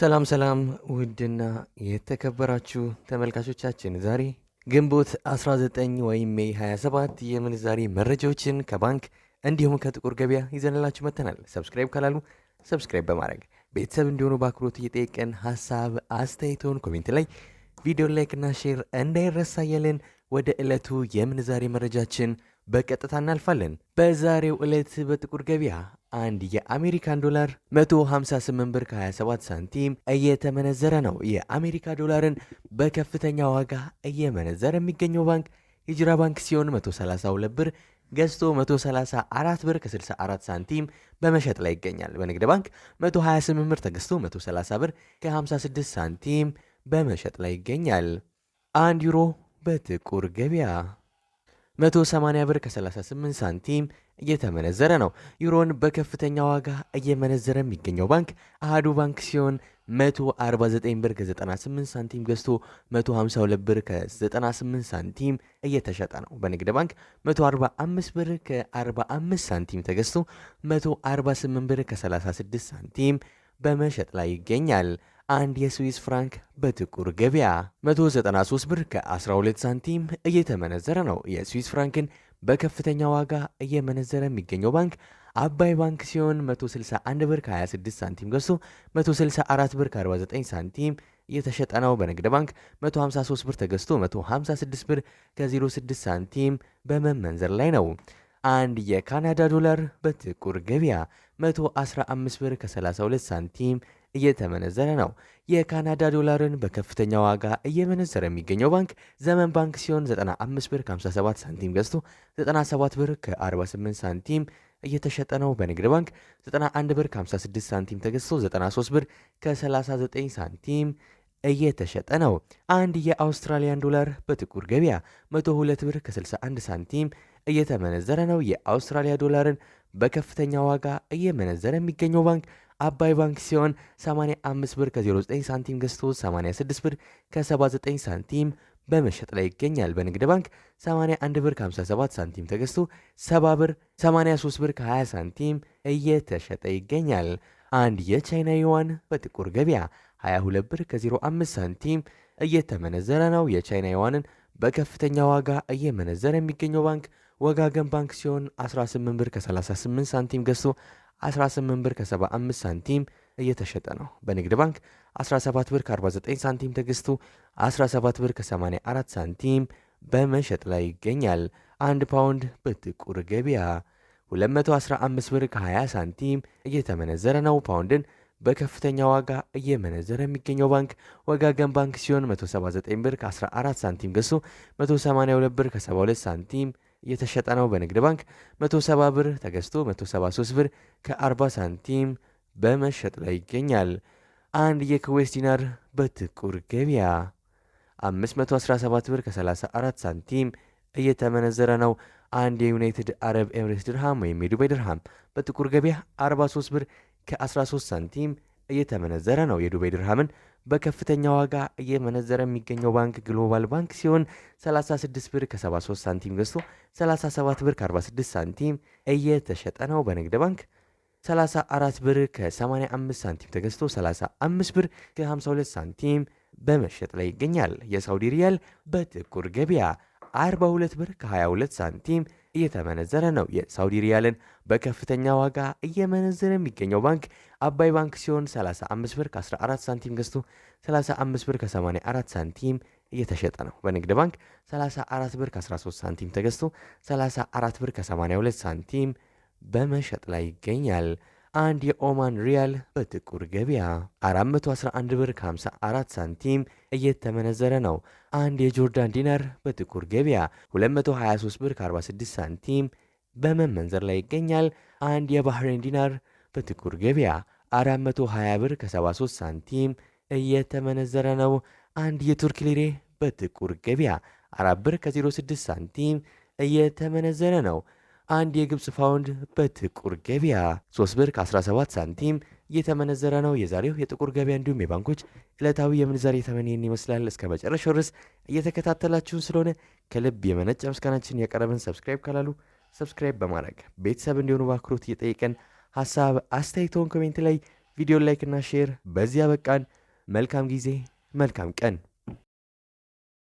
ሰላም ሰላም ውድና የተከበራችሁ ተመልካቾቻችን ዛሬ ግንቦት 19 ወይም ሜይ 27 የምንዛሬ መረጃዎችን ከባንክ እንዲሁም ከጥቁር ገበያ ይዘንላችሁ መጥተናል። ሰብስክራይብ ካላሉ ሰብስክራይብ በማድረግ ቤተሰብ እንዲሆኑ በአክብሮት እየጠየቀን ሀሳብ አስተያየቶን ኮሜንት ላይ ቪዲዮ ላይክና ሼር እንዳይረሳ ያለን ወደ ዕለቱ የምንዛሬ መረጃችን በቀጥታ እናልፋለን። በዛሬው ዕለት በጥቁር ገበያ አንድ የአሜሪካን ዶላር 158 ብር ከ27 ሳንቲም እየተመነዘረ ነው። የአሜሪካ ዶላርን በከፍተኛ ዋጋ እየመነዘረ የሚገኘው ባንክ ሂጅራ ባንክ ሲሆን 132 ብር ገዝቶ 134 ብር ከ64 ሳንቲም በመሸጥ ላይ ይገኛል። በንግድ ባንክ 128 ብር ተገዝቶ 130 ብር ከ56 ሳንቲም በመሸጥ ላይ ይገኛል። አንድ ዩሮ በጥቁር ገበያ 180 ብር ከ38 ሳንቲም እየተመነዘረ ነው። ዩሮን በከፍተኛ ዋጋ እየመነዘረ የሚገኘው ባንክ አሃዱ ባንክ ሲሆን 149 ብር ከ98 ሳንቲም ገዝቶ 152 ብር ከ98 ሳንቲም እየተሸጠ ነው። በንግድ ባንክ 145 ብር ከ45 ሳንቲም ተገዝቶ 148 ብር ከ36 ሳንቲም በመሸጥ ላይ ይገኛል። አንድ የስዊስ ፍራንክ በጥቁር ገበያ 193 ብር ከ12 ሳንቲም እየተመነዘረ ነው። የስዊስ ፍራንክን በከፍተኛ ዋጋ እየመነዘረ የሚገኘው ባንክ አባይ ባንክ ሲሆን 161 ብር ከ26 ሳንቲም ገዝቶ 164 ብር ከ49 ሳንቲም እየተሸጠ ነው። በንግድ ባንክ 153 ብር ተገዝቶ 156 ብር ከ06 ሳንቲም በመመንዘር ላይ ነው። አንድ የካናዳ ዶላር በጥቁር ገበያ 115 ብር ከ32 ሳንቲም እየተመነዘረ ነው። የካናዳ ዶላርን በከፍተኛ ዋጋ እየመነዘረ የሚገኘው ባንክ ዘመን ባንክ ሲሆን 95 ብር 57 ሳንቲም ገዝቶ 97 ብር ከ48 ሳንቲም እየተሸጠ ነው። በንግድ ባንክ 91 ብር 56 ሳንቲም ተገዝቶ 93 ብር ከ39 ሳንቲም እየተሸጠ ነው። አንድ የአውስትራሊያን ዶላር በጥቁር ገበያ 102 ብር ከ61 ሳንቲም እየተመነዘረ ነው። የአውስትራሊያ ዶላርን በከፍተኛ ዋጋ እየመነዘረ የሚገኘው ባንክ አባይ ባንክ ሲሆን 85 ብር ከ09 ሳንቲም ገዝቶ 86 ብር ከ79 ሳንቲም በመሸጥ ላይ ይገኛል። በንግድ ባንክ 81 ብር ከ57 ሳንቲም ተገዝቶ 70 ብር 83 ብር ከ20 ሳንቲም እየተሸጠ ይገኛል። አንድ የቻይና ዩዋን በጥቁር ገበያ 22 ብር ከ05 ሳንቲም እየተመነዘረ ነው። የቻይና ዩዋንን በከፍተኛ ዋጋ እየመነዘረ የሚገኘው ባንክ ወጋገን ባንክ ሲሆን 18 ብር ከ38 ሳንቲም ገዝቶ 18 ብር ከ75 ሳንቲም እየተሸጠ ነው። በንግድ ባንክ 17 ብር ከ49 ሳንቲም ተገዝቶ 17 ብር ከ84 ሳንቲም በመሸጥ ላይ ይገኛል። አንድ ፓውንድ በጥቁር ገበያ 215 ብር ከ20 ሳንቲም እየተመነዘረ ነው። ፓውንድን በከፍተኛ ዋጋ እየመነዘረ የሚገኘው ባንክ ወጋገን ባንክ ሲሆን 179 ብር ከ14 ሳንቲም ገዝቶ 182 ብር ከ72 ሳንቲም እየተሸጠ ነው። በንግድ ባንክ 170 ብር ተገዝቶ 173 ብር ከ40 ሳንቲም በመሸጥ ላይ ይገኛል። አንድ የኩዌስ ዲናር በጥቁር ገበያ 517 ብር ከ34 ሳንቲም እየተመነዘረ ነው። አንድ የዩናይትድ አረብ ኤምሬትስ ድርሃም ወይም የዱባይ ድርሃም በጥቁር ገበያ 43 ብር ከ13 ሳንቲም እየተመነዘረ ነው። የዱባይ ድርሃምን በከፍተኛ ዋጋ እየመነዘረ የሚገኘው ባንክ ግሎባል ባንክ ሲሆን 36 ብር ከ73 ሳንቲም ገዝቶ 37 ብር ከ46 ሳንቲም እየተሸጠ ነው። በንግድ ባንክ 34 ብር ከ85 ሳንቲም ተገዝቶ 35 ብር ከ52 ሳንቲም በመሸጥ ላይ ይገኛል። የሳውዲ ሪያል በጥቁር ገበያ 42 ብር ከ22 ሳንቲም እየተመነዘረ ነው። የሳውዲ ሪያልን በከፍተኛ ዋጋ እየመነዘረ የሚገኘው ባንክ አባይ ባንክ ሲሆን 35 ብር ከ14 ሳንቲም ገዝቶ 35 ብር ከ84 ሳንቲም እየተሸጠ ነው። በንግድ ባንክ 34 ብር ከ13 ሳንቲም ተገዝቶ 34 ብር ከ82 ሳንቲም በመሸጥ ላይ ይገኛል። አንድ የኦማን ሪያል በጥቁር ገበያ 411 ብር 54 ሳንቲም እየተመነዘረ ነው። አንድ የጆርዳን ዲናር በጥቁር ገበያ 223 ብር 46 ሳንቲም በመመንዘር ላይ ይገኛል። አንድ የባህሬን ዲናር በጥቁር ገበያ 420 ብር 73 ሳንቲም እየተመነዘረ ነው። አንድ የቱርክ ሊሬ በጥቁር ገበያ 4 ብር 06 ሳንቲም እየተመነዘረ ነው። አንድ የግብፅ ፓውንድ በጥቁር ገበያ 3 ብር ከ17 ሳንቲም እየተመነዘረ ነው። የዛሬው የጥቁር ገበያ እንዲሁም የባንኮች ዕለታዊ የምንዛሬ ተመኔን ይመስላል። እስከ መጨረሻው ድረስ እየተከታተላችሁን ስለሆነ ከልብ የመነጨ ምስጋናችን ያቀረብን። ሰብስክራይብ ካላሉ ሰብስክራይብ በማድረግ ቤተሰብ እንዲሆኑ በአክብሮት እየጠየቀን ሀሳብ አስተያየተውን ኮሜንት ላይ ቪዲዮ ላይክና ሼር። በዚያ በቃን። መልካም ጊዜ፣ መልካም ቀን